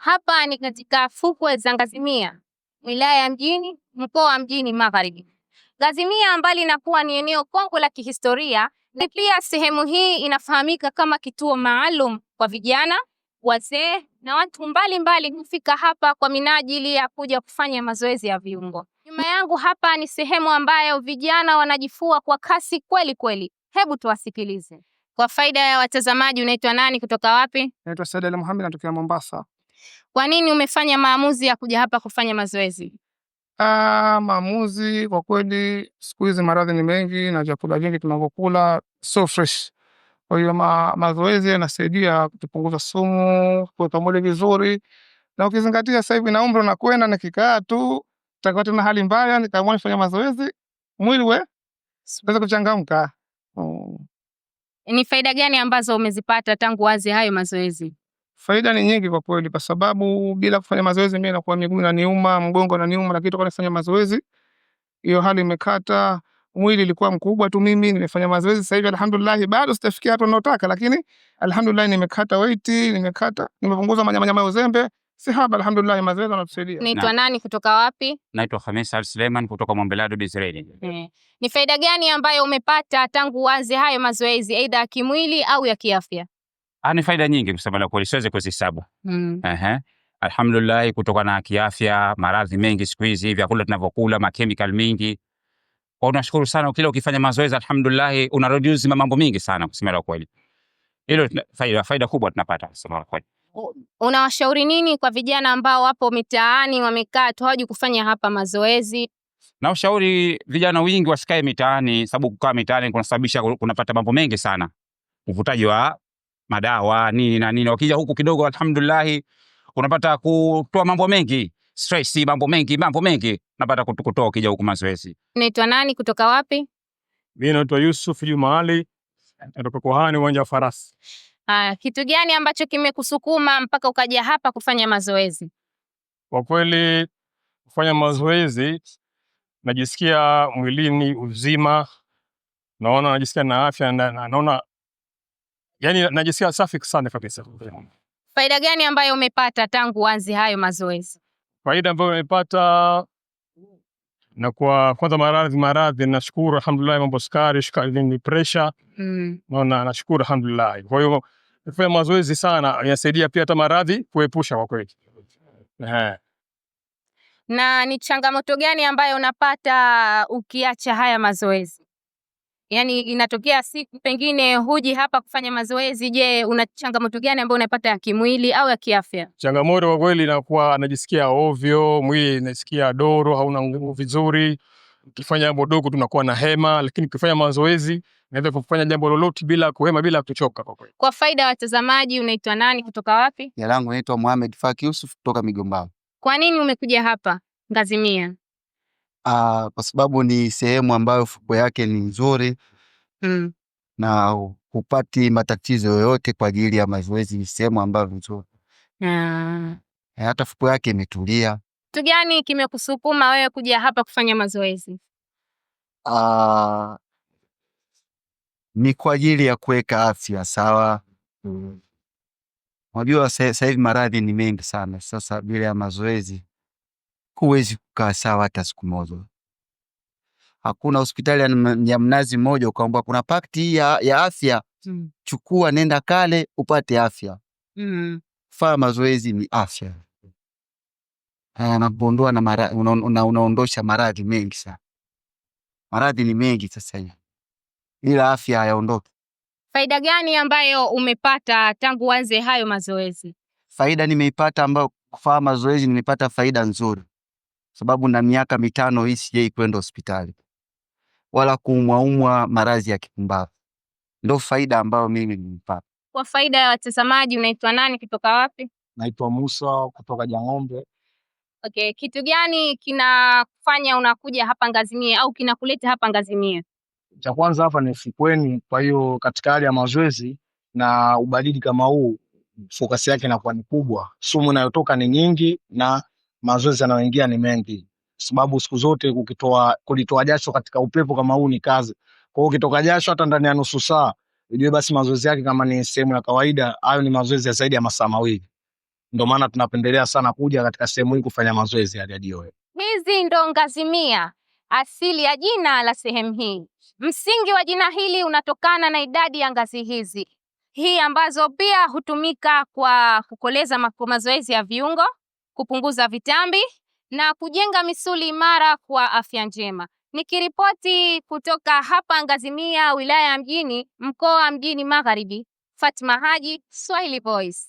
Hapa ni katika fukwe za Ngazimia, wilaya ya Mjini, mkoa wa Mjini Magharibi. Ngazimia mbali na kuwa ni eneo kongwe la kihistoria, na pia sehemu hii inafahamika kama kituo maalum kwa vijana, wazee na watu mbalimbali hufika mbali hapa kwa minajili ya kuja kufanya mazoezi ya viungo. Nyuma yangu hapa ni sehemu ambayo vijana wanajifua kwa kasi kweli kweli. Hebu tuwasikilize. Kwa faida ya watazamaji, unaitwa nani, kutoka wapi? Naitwa Said Ali Muhammad, natokea Mombasa. Kwa nini umefanya maamuzi ya kuja hapa kufanya mazoezi? Ah, maamuzi kwa kweli, siku hizi maradhi ni mengi na vyakula vingi tunavyokula so fresh. Kwa hiyo ma, mazoezi yanasaidia kupunguza sumu, kuweka mwili vizuri, na ukizingatia sasa hivi na umri unakwenda, nikikaa tu nitakuwa tena hali mbaya, nikaamua nifanya mazoezi mwili we weza kuchangamka. Hmm. Ni faida gani ambazo umezipata tangu wazi hayo mazoezi? Faida ni nyingi kwa kweli, kwa sababu bila kufanya mazoezi mimi nakuwa miguu inaniuma, mgongo unaniuma, lakini toka nifanya mazoezi hiyo hali imekata. Mwili ilikuwa mkubwa tu, mimi nimefanya mazoezi sasa hivi alhamdulillah, bado sitafikia hata ninayotaka, lakini alhamdulillah nimekata weight, nimekata nimepunguza manyama manyamanyama ya uzembe, si haba alhamdulillah, mazoezi yanatusaidia. Naitwa nani, kutoka wapi? Naitwa Hamisa Al Suleiman kutoka Mwambelado Disraeli. Hmm. Eh. Ni faida gani ambayo umepata tangu uanze hayo mazoezi, aidha ya kimwili au ya kiafya? Ah, ni faida nyingi kusema la kweli, siwezi kuzihesabu. mm. Ehe, alhamdulillah, kutokana na kiafya, maradhi mengi siku hizi, vyakula tunavyokula, makemikali mingi. Kwa unashukuru sana, kila ukifanya mazoezi alhamdulillah, una reduce mambo mingi sana, kusema la kweli. Hilo faida, faida kubwa tunapata kusema la kweli. Unawashauri nini kwa vijana ambao wapo mitaani wamekaa tu hawajui kufanya hapa mazoezi? Na ushauri vijana wingi wasikae mitaani, sababu kukaa mitaani kunasababisha kunapata mambo mengi sana, uvutaji wa madawa nini na nini. Wakija huku kidogo, alhamdulillah, unapata kutoa mambo mengi stress, mambo mengi, mambo mengi unapata kutoa ukija huku mazoezi. Naitwa nani? Kutoka wapi? Mimi naitwa Yusuf Juma Ali, natoka Kohani, uwanja wa Farasi. Ah, kitu gani ambacho kimekusukuma mpaka ukaja hapa kufanya mazoezi? Kwa kweli kufanya mazoezi najisikia mwilini uzima, naona najisikia na afya, na, naona yani najisikia safi sana kabisa. Faida gani ambayo umepata tangu uanze hayo mazoezi? Faida ambayo umepata na kwa kwanza, maradhi maradhi, nashukuru alhamdulillah, mambo sukari, sukari ni pressure mm. Naona nashukuru alhamdulillah. Kwa hiyo kufanya mazoezi sana yanasaidia pia hata maradhi kuepusha kwa kweli. Na ni changamoto gani ambayo unapata ukiacha haya mazoezi? Yaani inatokea siku pengine huji hapa kufanya mazoezi. Je, una changamoto gani ambayo unapata ya kimwili au ya kiafya? Changamoto kwa kweli inakuwa anajisikia ovyo, mwili inasikia doro, hauna nguvu vizuri. Ukifanya jambo dogo tunakuwa na hema, lakini ukifanya mazoezi naweza kufanya jambo lolote bila kuhema, bila kuchoka. Kwa kweli, kwa faida ya watazamaji, unaitwa nani, kutoka wapi? Jina langu naitwa Mohamed Faki Yusuf kutoka Migombao. Kwa nini umekuja hapa Ngazimia? Ah, kwa sababu ni sehemu ambayo fukwe yake ni nzuri Mm. na hupati matatizo yoyote kwa ajili ya mazoezi. Ni sehemu ambayo nzuri, Ah. Eh, hata fukwe yake imetulia. Kitu gani kimekusukuma wewe kuja hapa kufanya mazoezi? Ah, ni kwa ajili ya kuweka afya sawa. Mm. Unajua sasa hivi maradhi ni mengi sana. Sasa bila ya mazoezi huwezi kukaa sawa hata siku moja. Hakuna hospitali ya mnazi mmoja ukaomba kuna pakti ya, ya afya mm. Chukua nenda kale upate afya mm. Faa mazoezi ni afya, anakuondoa na mara, unaondosha una maradhi mengi sana. Maradhi ni mengi sasa hivi, ila afya hayaondoki. Faida gani ambayo umepata tangu uanze hayo mazoezi? Faida nimeipata ambayo kufaa mazoezi nimepata faida nzuri sababu na miaka mitano hii sijai kwenda hospitali wala kuumwaumwa maradhi ya kipumbavu. Ndo faida ambayo mimi nimepata. Kwa faida ya watazamaji, unaitwa nani, kutoka wapi? Naitwa Musa kutoka Jang'ombe. Okay, kitu gani kinakufanya unakuja hapa Ngazimie au kinakuleta hapa Ngazimie? Cha kwanza hapa ni fukweni, kwa hiyo katika hali ya mazoezi na ubadili kama huu, fokasi yake inakuwa ni kubwa, sumu inayotoka ni nyingi na mazoezi yanayoingia ni mengi, sababu siku zote ukitoa kulitoa jasho katika upepo kama huu ni kazi. Kwa hiyo ukitoka jasho hata ndani ya nusu saa, ujue basi mazoezi yake kama ni sehemu ya kawaida, hayo ni mazoezi ya zaidi ya masaa mawili. Ndio maana tunapendelea sana kuja katika sehemu hii kufanya mazoezi ya jioni. Hizi ndo Ngazimia, asili ya jina la sehemu hii. Msingi wa jina hili unatokana na idadi ya ngazi hizi hii ambazo pia hutumika kwa kukoleza mazoezi ya viungo kupunguza vitambi na kujenga misuli imara kwa afya njema. Nikiripoti kutoka hapa Ngazimia, wilaya ya Mjini, mkoa wa Mjini Magharibi, Fatma Haji, Swahili Voice.